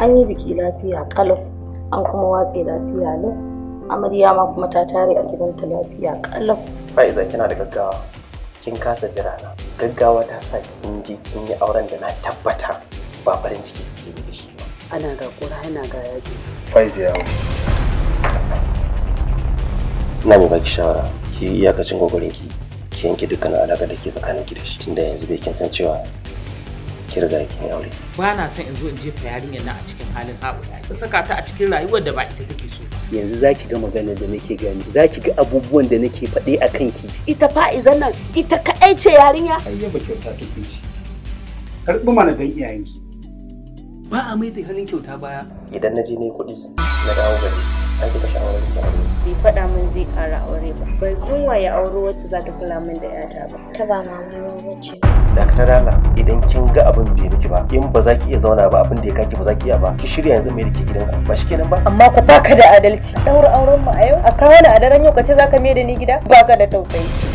an yi biki lafiya kalau an kuma watse lafiya lau amarya ma kuma ta tare a gidanta lafiya kalau fa'iza kina da gaggawa kin kasa jira na gaggawa ta sa kin je kin yi auren da na tabbata ba farin ciki ke da shi ba ana ga kura ana ga yaji faiza yawo na mu baki shawara ki iyakacin gogorin ki ki yanke dukkan alaka da ke tsakanin ki da shi tunda yanzu bai kin san cewa Kirga, riga kin aure ba na son in zo in jefa yarinyar nan a cikin halin haɓuya in saka ta a cikin rayuwar da ba ita take so yanzu za ki ga maganar da nake gani Za ki ga abubuwan da nake faɗe a kanki ita izan nan ita kaɗai ce yarinya ba kyauta ta ce karɓi mana dan iyayenki ba a mai da hannun kyauta baya idan na je ne kuɗi na dawo gari an kika shawarar zai kara aure ba ban san waye aure wacce za ta kula min da yata ba ta ba mama wacce daktar rana idan kin ga abin bai miki ba in ba za ki iya zauna ba abin da ya kaki ba za ki iya ba ki shirya yanzu mai gidan gidanku ba shi kenan ba amma ku baka da adalci daura auren mu a yau a kawo a daren yau za zaka mai da ni gida baka da tausayi